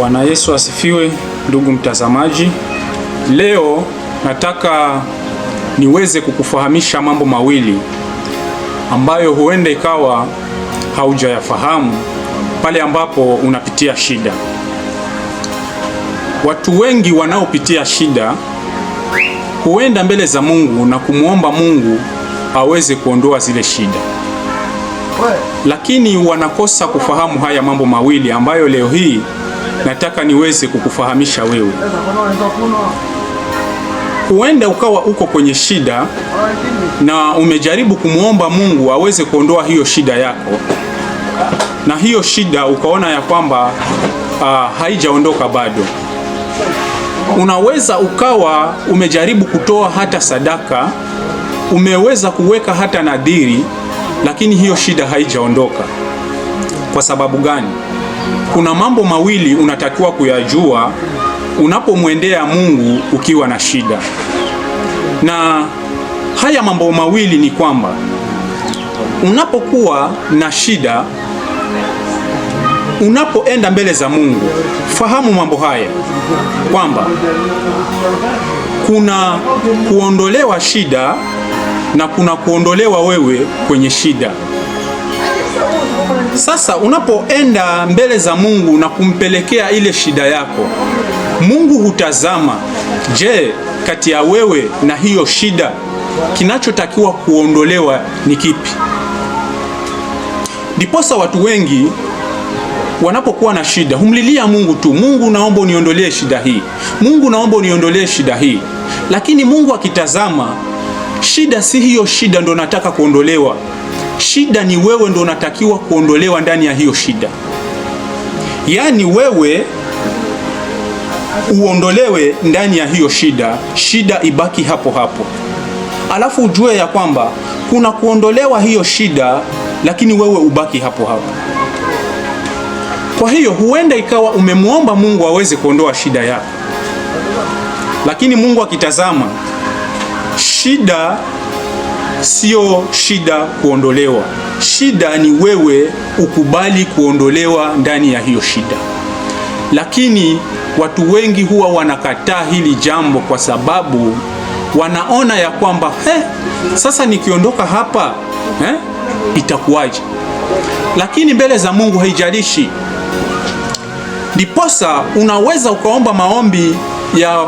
Bwana Yesu asifiwe, ndugu mtazamaji. Leo nataka niweze kukufahamisha mambo mawili ambayo huenda ikawa haujayafahamu pale ambapo unapitia shida. Watu wengi wanaopitia shida huenda mbele za Mungu na kumwomba Mungu aweze kuondoa zile shida, lakini wanakosa kufahamu haya mambo mawili ambayo leo hii nataka niweze kukufahamisha wewe, huenda ukawa uko kwenye shida na umejaribu kumwomba Mungu aweze kuondoa hiyo shida yako, na hiyo shida ukaona ya kwamba uh, haijaondoka bado. Unaweza ukawa umejaribu kutoa hata sadaka, umeweza kuweka hata nadhiri, lakini hiyo shida haijaondoka. Kwa sababu gani? kuna mambo mawili unatakiwa kuyajua unapomwendea Mungu ukiwa na shida, na haya mambo mawili ni kwamba unapokuwa na shida, unapoenda mbele za Mungu, fahamu mambo haya kwamba kuna kuondolewa shida na kuna kuondolewa wewe kwenye shida. Sasa unapoenda mbele za Mungu na kumpelekea ile shida yako, Mungu hutazama, je, kati ya wewe na hiyo shida kinachotakiwa kuondolewa ni kipi? Ndiposa watu wengi wanapokuwa na shida humlilia Mungu tu, Mungu naomba uniondolee shida hii, Mungu naomba uniondolee shida hii. Lakini Mungu akitazama shida, si hiyo shida ndo nataka kuondolewa Shida ni wewe ndo unatakiwa kuondolewa ndani ya hiyo shida, yaani wewe uondolewe ndani ya hiyo shida, shida ibaki hapo hapo, alafu ujue ya kwamba kuna kuondolewa hiyo shida, lakini wewe ubaki hapo hapo. Kwa hiyo huenda ikawa umemwomba Mungu aweze kuondoa shida yako, lakini Mungu akitazama shida sio shida kuondolewa. Shida ni wewe ukubali kuondolewa ndani ya hiyo shida, lakini watu wengi huwa wanakataa hili jambo kwa sababu wanaona ya kwamba he, sasa nikiondoka hapa eh, itakuwaje? Lakini mbele za Mungu haijalishi. Ndiposa unaweza ukaomba maombi ya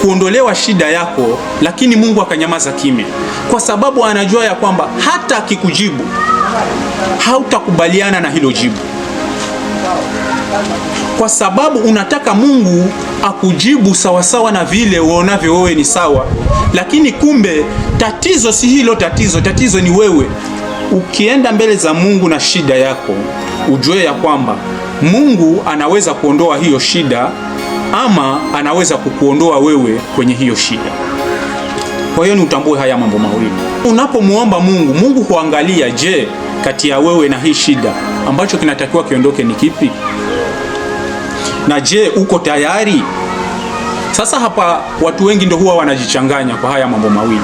kuondolewa shida yako, lakini Mungu akanyamaza kimya, kwa sababu anajua ya kwamba hata akikujibu hautakubaliana na hilo jibu, kwa sababu unataka Mungu akujibu sawasawa na vile uonavyo wewe ni sawa, lakini kumbe tatizo si hilo. Tatizo tatizo ni wewe. Ukienda mbele za Mungu na shida yako, ujue ya kwamba Mungu anaweza kuondoa hiyo shida ama anaweza kukuondoa wewe kwenye hiyo shida. Kwa hiyo ni utambue haya mambo mawili unapomwomba Mungu. Mungu huangalia, je, kati ya wewe na hii shida ambacho kinatakiwa kiondoke ni kipi? Na je, uko tayari? Sasa hapa watu wengi ndio huwa wanajichanganya kwa haya mambo mawili,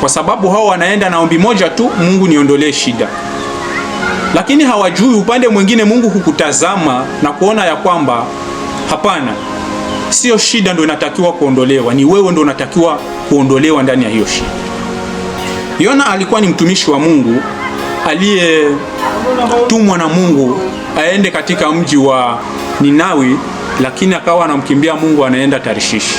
kwa sababu hao wanaenda na ombi moja tu, Mungu niondolee shida, lakini hawajui upande mwingine Mungu hukutazama na kuona ya kwamba hapana Sio shida ndo inatakiwa kuondolewa, ni wewe ndo unatakiwa kuondolewa ndani ya hiyo shida. Yona alikuwa ni mtumishi wa Mungu aliyetumwa na Mungu aende katika mji wa Ninawi, lakini akawa anamkimbia Mungu, anaenda tarishishi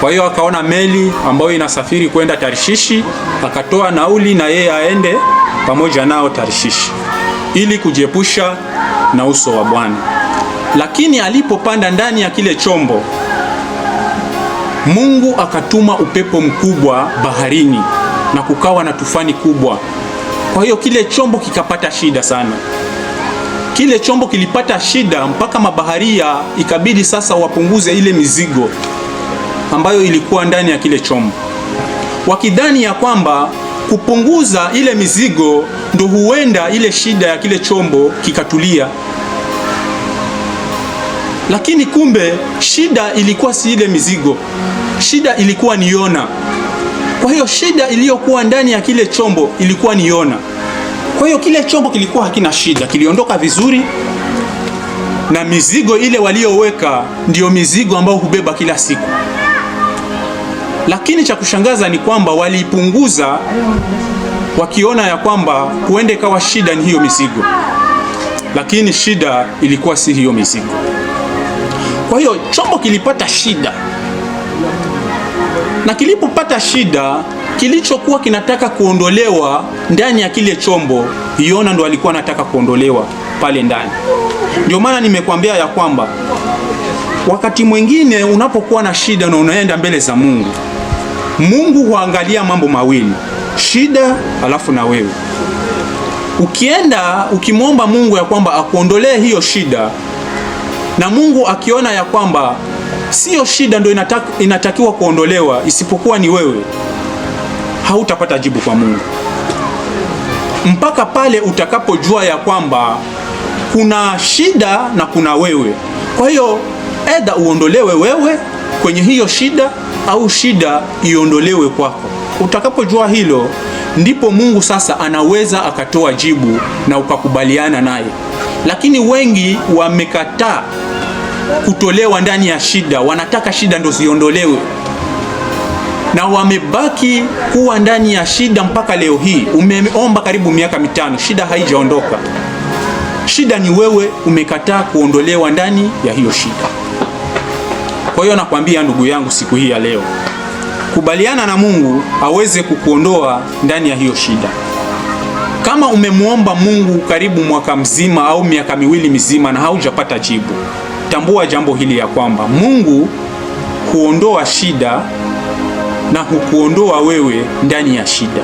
Kwa hiyo akaona meli ambayo inasafiri kwenda tarishishi akatoa nauli na yeye aende pamoja nao tarishishi ili kujiepusha na uso wa Bwana. Lakini alipopanda ndani ya kile chombo, Mungu akatuma upepo mkubwa baharini na kukawa na tufani kubwa. Kwa hiyo kile chombo kikapata shida sana. Kile chombo kilipata shida mpaka mabaharia ikabidi sasa wapunguze ile mizigo ambayo ilikuwa ndani ya kile chombo, wakidhani ya kwamba kupunguza ile mizigo ndo huenda ile shida ya kile chombo kikatulia. Lakini kumbe shida ilikuwa si ile mizigo, shida ilikuwa ni Yona. Kwa hiyo shida iliyokuwa ndani ya kile chombo ilikuwa ni Yona. Kwa hiyo kile chombo kilikuwa hakina shida, kiliondoka vizuri, na mizigo ile walioweka ndiyo mizigo ambayo hubeba kila siku. Lakini cha kushangaza ni kwamba waliipunguza wakiona ya kwamba huende ikawa shida ni hiyo mizigo, lakini shida ilikuwa si hiyo mizigo. Kwa hiyo chombo kilipata shida, na kilipopata shida, kilichokuwa kinataka kuondolewa ndani ya kile chombo, Yona ndo alikuwa anataka kuondolewa pale ndani. Ndio maana nimekuambia ya kwamba wakati mwingine unapokuwa na shida na unaenda mbele za Mungu, Mungu huangalia mambo mawili, shida alafu na wewe. Ukienda ukimwomba Mungu ya kwamba akuondolee hiyo shida na Mungu akiona ya kwamba siyo shida ndio inatakiwa kuondolewa isipokuwa ni wewe, hautapata jibu kwa Mungu mpaka pale utakapojua ya kwamba kuna shida na kuna wewe. Kwa hiyo edha uondolewe wewe kwenye hiyo shida au shida iondolewe kwako. Utakapojua hilo, ndipo Mungu sasa anaweza akatoa jibu na ukakubaliana naye lakini wengi wamekataa kutolewa ndani ya shida, wanataka shida ndo ziondolewe na wamebaki kuwa ndani ya shida mpaka leo hii. Umeomba karibu miaka mitano, shida haijaondoka. Shida ni wewe, umekataa kuondolewa ndani ya hiyo shida. Kwa hiyo nakwambia ndugu yangu, siku hii ya leo, kubaliana na Mungu aweze kukuondoa ndani ya hiyo shida. Kama umemwomba Mungu karibu mwaka mzima au miaka miwili mizima na haujapata jibu, tambua jambo hili ya kwamba Mungu huondoa shida na hukuondoa wewe ndani ya shida.